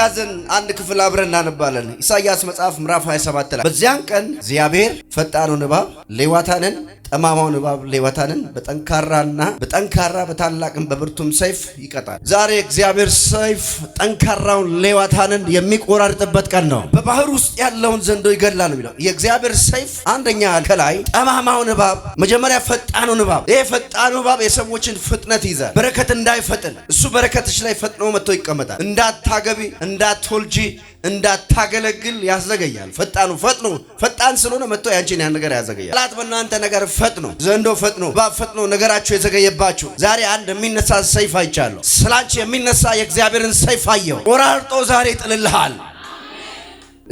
ያዘን አንድ ክፍል አብረን እናነባለን። ኢሳያስ መጽሐፍ ምዕራፍ 27 ላይ በዚያን ቀን እግዚአብሔር ፈጣኑን እባብ ሌዋታንን ጠማማውን እባብ ሌዋታንን በጠንካራና በጠንካራ በታላቅም በብርቱም ሰይፍ ይቀጣል። ዛሬ እግዚአብሔር ሰይፍ ጠንካራውን ሌዋታንን የሚቆራርጥበት ቀን ነው። በባህር ውስጥ ያለውን ዘንዶ ይገላል የሚለው የእግዚአብሔር ሰይፍ አንደኛ ከላይ ጠማማውን እባብ መጀመሪያ ፈጣኑን እባብ ይህ ፈጣኑ እባብ የሰዎችን ፍጥነት ይዛል። በረከት እንዳይፈጥን እሱ በረከትች ላይ ፈጥኖ መጥቶ ይቀመጣል። እንዳታገቢ፣ እንዳትወልጂ እንዳታገለግል ያዘገያል። ፈጣኑ ፈጥኖ ፈጣን ስለሆነ መጥቶ ያንቺን ያን ነገር ያዘገያል። ጠላት በእናንተ ነገር ፈጥኖ ዘንዶ ፈጥኖ እባብ ፈጥኖ ነገራችሁ የዘገየባችሁ ዛሬ አንድ የሚነሳ ሰይፍ አይቻለሁ። ስላንቺ የሚነሳ የእግዚአብሔርን ሰይፍ አየው ወራርጦ ዛሬ ጥልልሃል።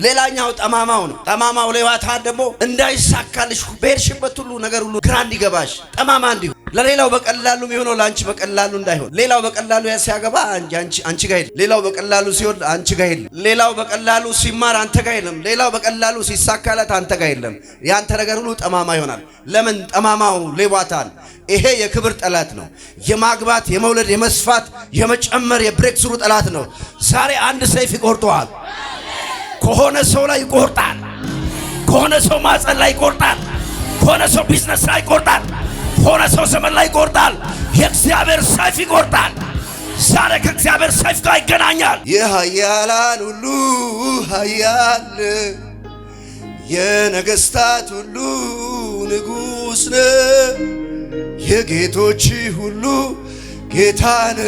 ሌላኛው ጠማማው ነው። ጠማማው ሌዋታ ደግሞ እንዳይሳካልሽ በሄድሽበት ሁሉ ነገር ሁሉ ግራ እንዲገባሽ ጠማማ እንዲሁ ለሌላው በቀላሉ የሚሆነው ለአንቺ በቀላሉ እንዳይሆን። ሌላው በቀላሉ ሲያገባ አንቺ ጋር የለም። ሌላው በቀላሉ ሲወድ አንቺ ጋር የለም። ሌላው በቀላሉ ሲማር አንተ ጋር የለም። ሌላው በቀላሉ ሲሳካለት አንተ ጋር የለም። ያንተ ነገር ሁሉ ጠማማ ይሆናል። ለምን? ጠማማው ሌቧታል። ይሄ የክብር ጠላት ነው። የማግባት የመውለድ የመስፋት የመጨመር የብሬክ ስሩ ጠላት ነው። ዛሬ አንድ ሰይፍ ይቆርጠዋል። ከሆነ ሰው ላይ ይቆርጣል። ከሆነ ሰው ማጸን ላይ ይቆርጣል። ከሆነ ሰው ቢዝነስ ላይ ይቆርጣል። በሆነ ሰው ዘመን ላይ ይቆርጣል። የእግዚአብሔር ሰይፍ ይቆርጣል። ዛሬ ከእግዚአብሔር ሰይፍ ጋር ይገናኛል። የኃያላን ሁሉ ኃያል የነገስታት ሁሉ ንጉስ ነ የጌቶች ሁሉ ጌታን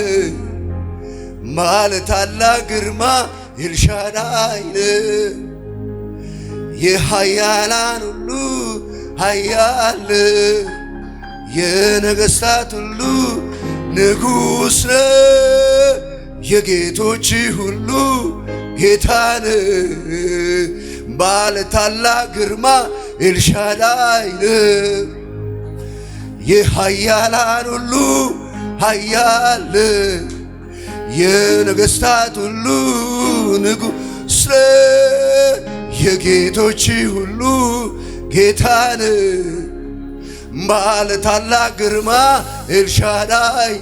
ማለት አላ ግርማ ኤልሻዳይን የኃያላን ሁሉ ኃያል የነገስታት ሁሉ ንጉስ ነ የጌቶች ሁሉ ጌታ ባለ ታላቅ ግርማ ኤልሻዳይ ነ የኃያላን ሁሉ ኃያል የነገስታት ሁሉ ንጉስ ነ የጌቶች ሁሉ ጌታ ባለ ታላቅ ግርማ ኤልሻዳይ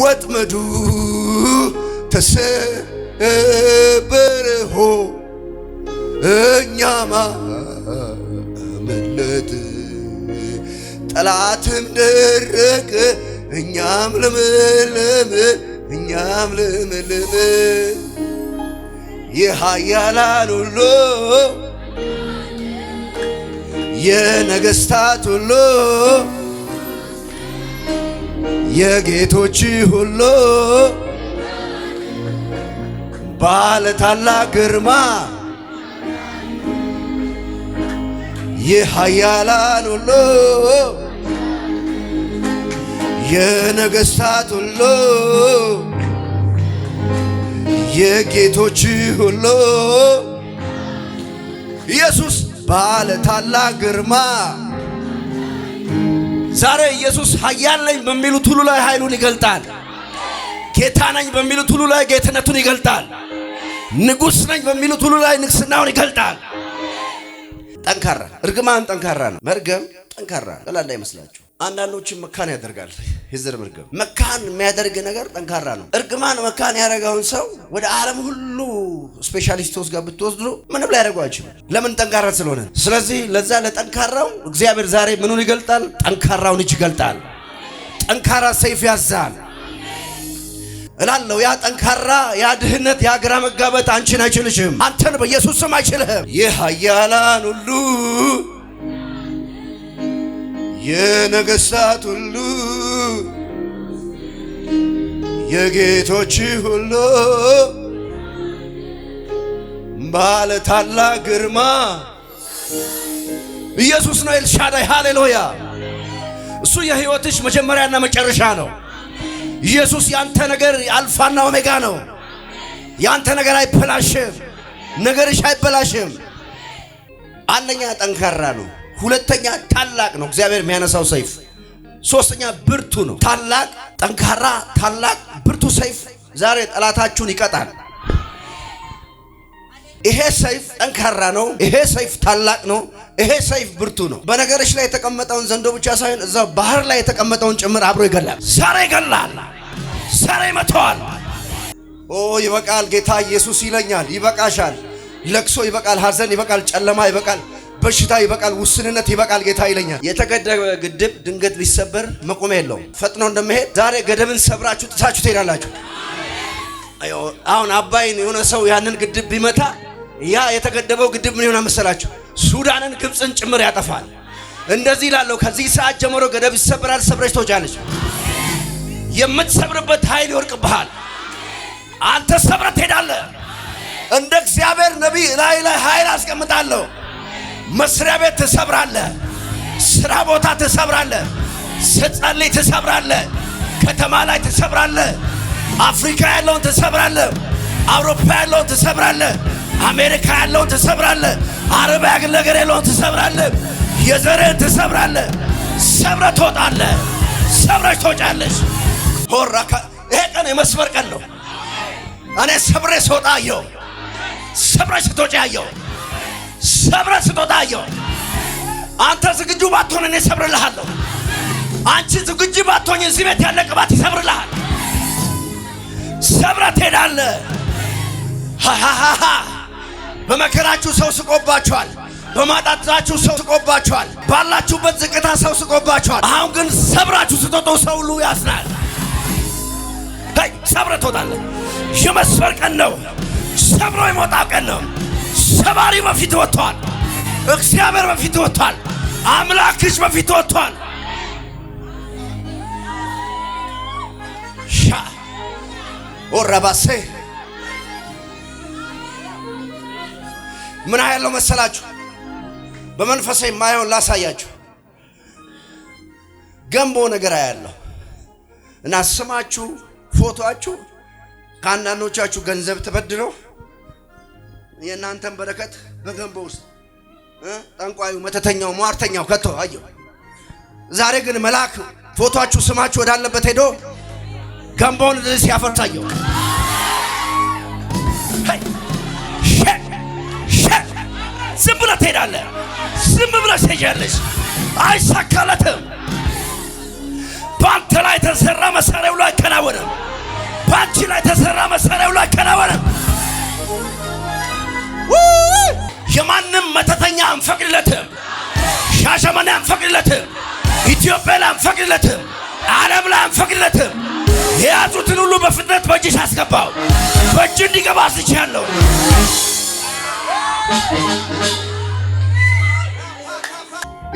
ወጥመዱ ተሰበርሆ እኛማ መለት ጠላትም ደረቀ እኛም ለምለም እኛም ለምለም የሃያላን ሁሉ የነገስታት ሁሉ የጌቶች ሁሉ ባለ ታላቅ ግርማ የሃያላን ሁሉ የነገስታት ሁሉ የጌቶች ሁሉ ኢየሱስ ባለ ታላቅ ግርማ ዛሬ ኢየሱስ ኃያል ነኝ በሚሉት ሁሉ ላይ ኃይሉን ይገልጣል። ጌታ ነኝ በሚሉት ሁሉ ላይ ጌትነቱን ይገልጣል። ንጉሥ ነኝ በሚሉት ሁሉ ላይ ንግሥናውን ይገልጣል። ጠንካራ እርግማን ጠንካራ ነው። መርገም ጠንካራ ነው። ቀላል አይመስላችሁ። አንዳንዶችን መካን ያደርጋል። የዘር መርገም መካን የሚያደርግ ነገር ጠንካራ ነው። እርግማን መካን ያደረገውን ሰው ወደ ዓለም ሁሉ ስፔሻሊስቶች ጋር ብትወስዱ ምንም ላይ ያደርጓችሁም። ለምን? ጠንካራ ስለሆነ። ስለዚህ ለዛ ለጠንካራው እግዚአብሔር ዛሬ ምኑን ይገልጣል? ጠንካራውን እጅ ይገልጣል። ጠንካራ ሰይፍ ያዛል እላለሁ። ያ ጠንካራ፣ ያ ድህነት፣ ያ ግራ መጋበት አንቺን አይችልሽም። አንተን በኢየሱስ ስም አይችልህም። ይህ ኃያላን ሁሉ የነገሥታት ሁሉ የጌቶች ሁሉ ባለ ታላቅ ግርማ ኢየሱስ ነው ኤልሻዳይ። ሃሌሉያ! እሱ የህይወትሽ መጀመሪያና መጨረሻ ነው። ኢየሱስ ያንተ ነገር አልፋና ኦሜጋ ነው። ያንተ ነገር አይበላሽም። ነገርሽ አይበላሽም። አንደኛ ጠንካራ ነው። ሁለተኛ ታላቅ ነው፣ እግዚአብሔር የሚያነሳው ሰይፍ። ሶስተኛ ብርቱ ነው። ታላቅ ጠንካራ፣ ታላቅ ብርቱ ሰይፍ ዛሬ ጠላታችሁን ይቀጣል። ይሄ ሰይፍ ጠንካራ ነው። ይሄ ሰይፍ ታላቅ ነው። ይሄ ሰይፍ ብርቱ ነው። በነገሮች ላይ የተቀመጠውን ዘንዶ ብቻ ሳይሆን እዛ ባህር ላይ የተቀመጠውን ጭምር አብሮ ይገላል። ዛሬ ይገላል። ዛሬ ይመተዋል። ኦ ይበቃል፣ ጌታ ኢየሱስ ይለኛል። ይበቃሻል። ለቅሶ ይበቃል፣ ሐዘን ይበቃል፣ ጨለማ ይበቃል። በሽታ ይበቃል፣ ውስንነት ይበቃል ጌታ ይለኛል። የተገደበ ግድብ ድንገት ሊሰበር መቆሚያ የለውም። ፈጥኖ እንደመሄድ ዛሬ ገደብን ሰብራችሁ ጥሳችሁ ትሄዳላችሁ። አሁን አባይን የሆነ ሰው ያንን ግድብ ቢመታ ያ የተገደበው ግድብ ምን ይሆናል መሰላችሁ? ሱዳንን ግብፅን ጭምር ያጠፋል። እንደዚህ ላለው ከዚህ ሰዓት ጀምሮ ገደብ ይሰበራል። ሰብረች ተወጫለች። የምትሰብርበት ኃይል ይወርቅብሃል። አንተ ሰብረ ትሄዳለህ። እንደ እግዚአብሔር ነቢይ ላይ ላይ ኃይል አስቀምጣለሁ። መስሪያ ቤት ትሰብራለ። ስራ ቦታ ትሰብራለ። ስትጸልይ ትሰብራለ። ከተማ ላይ ትሰብራለ። አፍሪካ ያለውን ትሰብራለ። አውሮፓ ያለውን ትሰብራለ። አሜሪካ ያለውን ትሰብራለ። አረብ ያግል ነገር ያለውን ትሰብራለ። የዘርህን ትሰብራለ። ሰብረ ትወጣለ። ሰብረሽ ትወጫለሽ። ሆራካ ይሄ ቀን የመስበር ቀን ነው። እኔ ሰብሬ ስወጣ አየሁ። ሰብረሽ ትወጪ አየሁ። ሰብረ ስጦታ አየው አንተ ዝግጁ ባትሆን እኔ ሰብርልሃለሁ። አንቺ ዝግጁ ባትሆኝ እዚህ ቤት ያለ ቅባት ይሰብርልሃል። ሰብረ ትሄዳለ ሃሃሃ በመከራችሁ ሰው ስቆባችኋል። በማጣታችሁ ሰው ስቆባችኋል። ባላችሁበት ዝቅታ ሰው ስቆባችኋል። አሁን ግን ሰብራችሁ ስትወጡ ሰው ሁሉ ያዝናል። ሰብረ ትወጣለህ። የመስበር ቀን ነው። ሰብሮ የመውጣ ቀን ነው። ተማሪ በፊት ወጥቷል። እግዚአብሔር በፊት ወጥቷል። አምላክሽ በፊት ወጥቷል። ሻ ወራባሴ ምን ያለው መሰላችሁ? በመንፈሳዊ ማየውን ላሳያችሁ። ገንቦ ነገር ያለው እና ስማችሁ ፎቶአችሁ ከአንዳንዶቻችሁ ገንዘብ ተበድረው የእናንተን በረከት በገንቦ ውስጥ ጠንቋዩ፣ መተተኛው፣ ሟርተኛው ከቶ አየሁ። ዛሬ ግን መልአክ ፎቶአችሁ፣ ስማችሁ ወዳለበት ሄዶ ገንቦውን ሲያፈርሳየው ዝም ብለህ ትሄዳለህ። ዝም ብለህ ትሄጃለሽ። አይሳካለትም። በአንተ ላይ የተሰራ መሳሪያ ሁሉ አይከናወንም። በአንቺ ላይ የተሰራ መሳሪያ ሁሉ አይከናወንም። የማንም መተተኛ አንፈቅድለትም። ሻሸመኔ አንፈቅድለትም። ኢትዮጵያ ላይ አንፈቅድለትም። ዓለም ላይ አንፈቅድለትም። የያዙትን ሁሉ በፍጥነት በእጅሽ አስገባው። በእጅ እንዲገባ አስችያለሁ።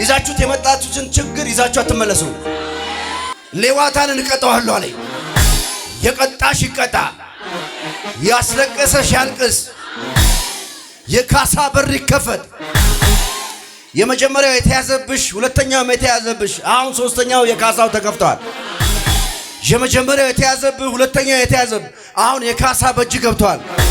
ይዛችሁት የመጣችሁትን ችግር ይዛችሁ አትመለሱ። ሌዋታን እንቀጠዋለሁ አለኝ። የቀጣሽ ይቀጣ፣ ያስለቀሰሽ ያልቅስ። የካሳ በር ይከፈት። የመጀመሪያው የተያዘብሽ፣ ሁለተኛውም የተያዘብሽ፣ አሁን ሶስተኛው የካሳው ተከፍቷል። የመጀመሪያው የተያዘብህ፣ ሁለተኛው የተያዘብህ፣ አሁን የካሳ በእጅ ገብቷል።